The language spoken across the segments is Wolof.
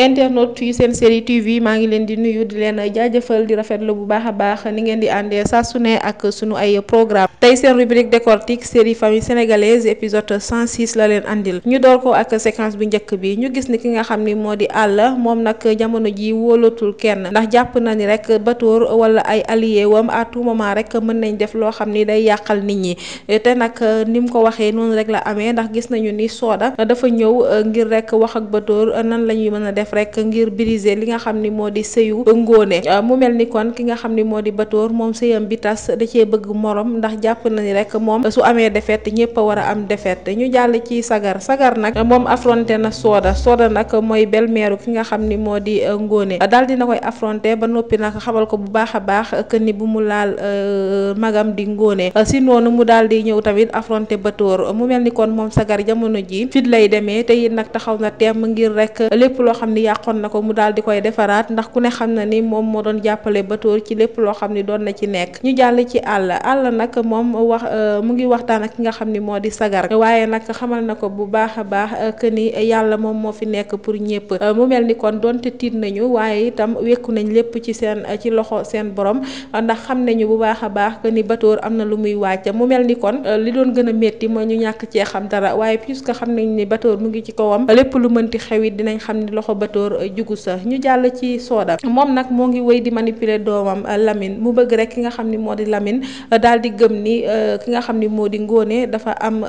internet yu seen série TV maa ngi leen di nuyu di leen jaajëfal di rafetlu bu baax a baax ni ngeen di àndee saa su ne ak sunu ay programme tey seen rubrique décortique série famille sénégalaise épisode 106 la leen andil ñu door ko ak séquence bu njëkk bi ñu gis ni ki nga xam ni moo di àll moom nag jamono ji wóolatul kenn ndax jàpp na ni rek batóor wala ay allier wam à tout moment rek mën nañ def loo xam ni day yàqal nit ñi te nag ni mu ko waxee noonu rek la amee ndax gis nañu ni sooda dafa ñëw ngir rek wax ak batóor nan la mën a def def rek ngir briser li nga xam ni moo di sëyu ngóone ah, mu mel ni kon ki nga xam ni moo di batoor moom sëyam bi tas da cee bëgg moroom ndax jàpp na ni rek moom su amee defet ñëpp a war a am defet ñu jàll ci sagar sagar nag moom affronté na sooda sooda nag mooy belle-mère ki nga xam ni moo di euh, ngóone daal na koy affronté ba noppi nag xamal ko bu baax a baax que ni bu mu laal euh, magam di ngóone ah, si noonu mu daal di ñëw tamit affronté batoor mu mel ni kon moom sagar jamono ji lay demee ni yàqoon na ko mu daal di koy defaraat ndax ku ne xam na ni moom moo doon jàppale Batoor ci lépp loo xam ni doon na ci nekk ñu jàll ci àll àll nag moom wax euh, mu ngi waxtaan ak ki nga xam ni moo di sagar waaye nag xamal na ko bu baax a baax euh, que ni yàlla moom moo fi nekk pour ñëpp euh, mu mel ni kon donte tiit nañu waaye itam wekku nañ lépp ci seen ci loxo seen borom ndax xam nañu bu baax a baax que ni Batoor am na lu muy wàcc mu mel ni kon li doon gën a métti mooy ñu ñàkk cee xam dara waaye puisque xam nañ ni Batoor mu ngi ci kawam lépp lu mënti xewit dinañ xam ni loxo batoor Bator Jugusa ñu jàll ci sooda moom nag moo ngi wéy di manipuler doomam euh, Lamine mu bëgg rek ki nga xam ni moo di Lamine euh, daal di gëm ni euh, ki nga xam ni moo di Ngóone dafa am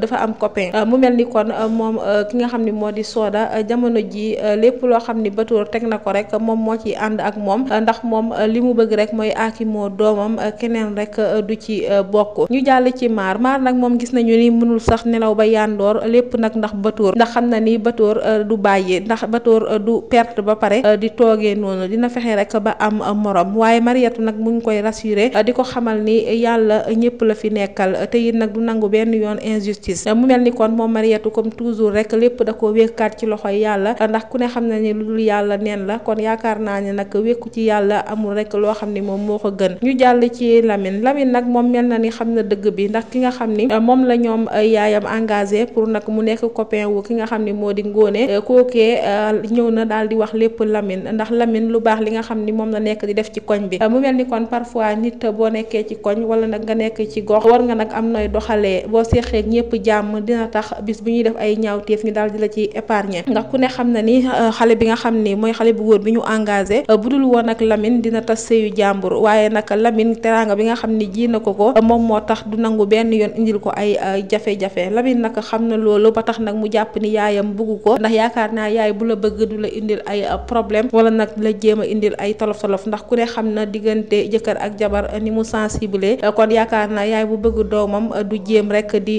dafa am copain mu mel ni kon moom ki nga xam ni moo di sooda jamono ji lépp loo xam ni Bator teg na ko rek moom moo ci ànd ak moom ndax moom li mu bëgg rek mooy moo doomam keneen rek du ci bokk ñu jàll ci maar maar nag moom gis nañu ni mënul sax nelaw ba yàndoor lépp nag ndax Bator ndax xam na ni Bator du bàyyi ndax Batoor du perte ba pare euh, di toogee noonu dina fexe rek ba am euh, morom waaye Mariatu nag mu koy rassuré euh, di ko xamal ni yàlla ñëpp la fi nekkal te it nag du nangu benn yoon injustice mu mel ni kon moom Mariatu comme toujours rek lépp da ko wékkaat ci loxoy yàlla ndax ku ne xam na ni lu dul yàlla neen la kon yaakaar naa ne nag wékku ci yàlla amul rek loo xam ni moom moo ko gën ñu jàll ci Lamine Lamine nag moom mel na ni xam na dëgg bi ndax ki nga xam ni moom la ñoom yaayam engagé pour nag mu nekk copain wu ki nga xam ni moo di ngóone kookee ñëw na daal di wax lépp Lamine ndax Lamine lu baax li nga xam ni moom la nekk di def ci koñ bi mu mel ni kon parfois nit boo nekkee ci koñ wala nag nga nekk ci gox war nga nag am nooy doxalee boo seexee ñëpp jàmm dina tax bis bu ñuy def ay ñaawteef ñu daal di la ci épargner ndax ku ne xam na ni euh, xale bi nga xam ni mooy xale bu góor bi ñu engagé euh, bu dul woon ak Lamine dina tas sëyu jàmbur waaye nag Lamine teraanga bi nga xam ni ji na ko ko moom moo tax du nangu benn yoon indil ko ay jafe-jafe Lamine nag xam na loolu ba tax nag mu jàpp ni yaayam bugg ko ndax la bëgg du la indil ay euh, problème wala nag la jéem a indil ay tolof tolof ndax ku ne xam na diggante jëkkër ak jabar euh, ni mu sensible euh, kon yaakaar naa yaay bu bëgg doomam du jéem rek di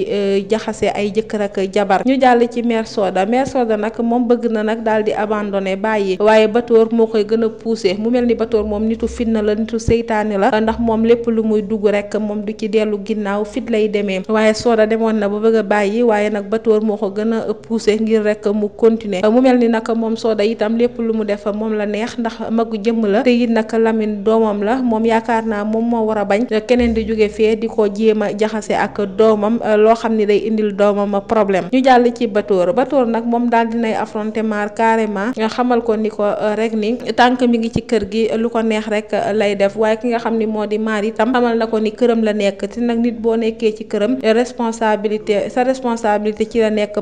jaxase ay jëkkër ak jabar ñu jàll ci mère Soda mère Soda nag moom bëgg na nag daal di abandonné bàyyi waaye Batoor moo koy gën a poussé mu mel ni Batoor moom nitu fitna la nitu seytaane la ndax moom lépp lu muy dugg rek moom du ci dellu ginnaaw fit lay demee waaye Soda a nag moom Soda itam lépp lu mu def moom la neex ndax magu jëmm la te it nag Lamine doomam la moom yaakaar naa moom moo war a bañ keneen di jóge fee di ko jéem a jaxase ak doomam euh, loo xam ni day indil doomam a problème ñu jàll ci Batoor Batoor nag moom daal dinay affronté Mar carrément nga euh, xamal ko ni ko euh, rek ni tànk mi ngi ci kër gi lu ko neex rek lay def waaye ki nga xam ni moo di Mar itam xamal na ko ni këram la nekk te nag nit boo nekkee ci këram responsabilité sa responsabilité ci la nekk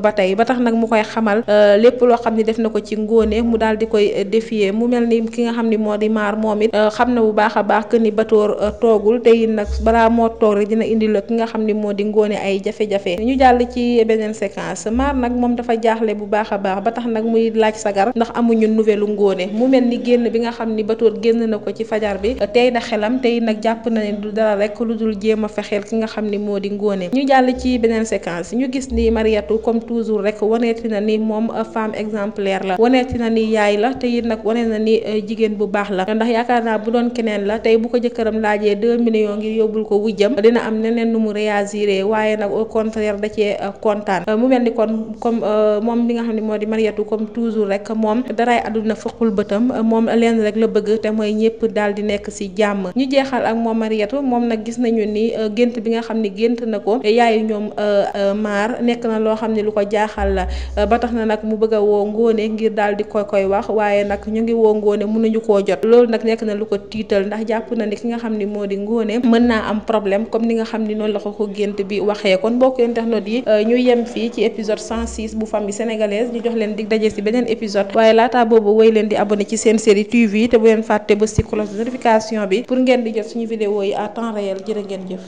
na ko ci ngóone mu daal koy eh, défier mu mel ni ki nga xam ni moo di maar moom it eh, xam na bu baax a baax que ni Batoor eh, toogul te it nag moo toog rek dina la ki nga xam ni moo di ngóone ay jafe-jafe ñu jàll ci beneen séquence maar nag moom dafa jaaxle bu baax a baax ba tax nag muy laaj sagar ndax amuñu nouvelle lu ngóone mu mel ni génn bi nga xam ni Batoor génn na ko ci fajar bi tey na xelam tey nag jàpp na ne du dara rek lu dul jéem a fexeel ki nga xam moo di ngóone ñu jàll ci beneen séquence ñu gis ni Mariatu comme toujours rek waneeti na ni moom femme exemplaire mère la waneeti na ni yaay la te it nag wane na ni eh, jigéen bu baax la ndax yaakaar naa bu doon keneen la tey bu ko jëkkëram laajee deux ngir yóbbul ko wujjam dina am neneen nu mu réagiré waaye nag au contraire da cee eh, kontaan eh, mu mel ni kon comme moom bi nga xam ne moo di Mariétou comme toujours rek moom daray àdduna fëqul bëtam moom leen rek la bëgg te mooy ñëpp daal di nekk si jàmm ñu jeexal ak moom Mariétou moom nag gis nañu ni gént bi nga xam ne gént na ko yaayu ñoom maar nekk na loo xam ne lu ko la Ngoné ngir daal di ko koy wax waaye nag ñu ngi woo Ngoné mënuñu koo jot loolu nag nekk na lu ko tiital ndax jàpp na ni ki nga xam ni moo di ngoone mën naa am problème comme ni nga xam ni noonu la ko ko gént bi waxee kon mbokk internet yi euh, ñu yem fii ci épisode 106 bu famille sénégalaise ñu jox leen di daje si beneen épisode waaye laata boobu woy leen di abonné ci seen série TV te bu leen fàtte ba si cloche notification bi pour ngeen di jot suñu vidéo yi ngeen jëf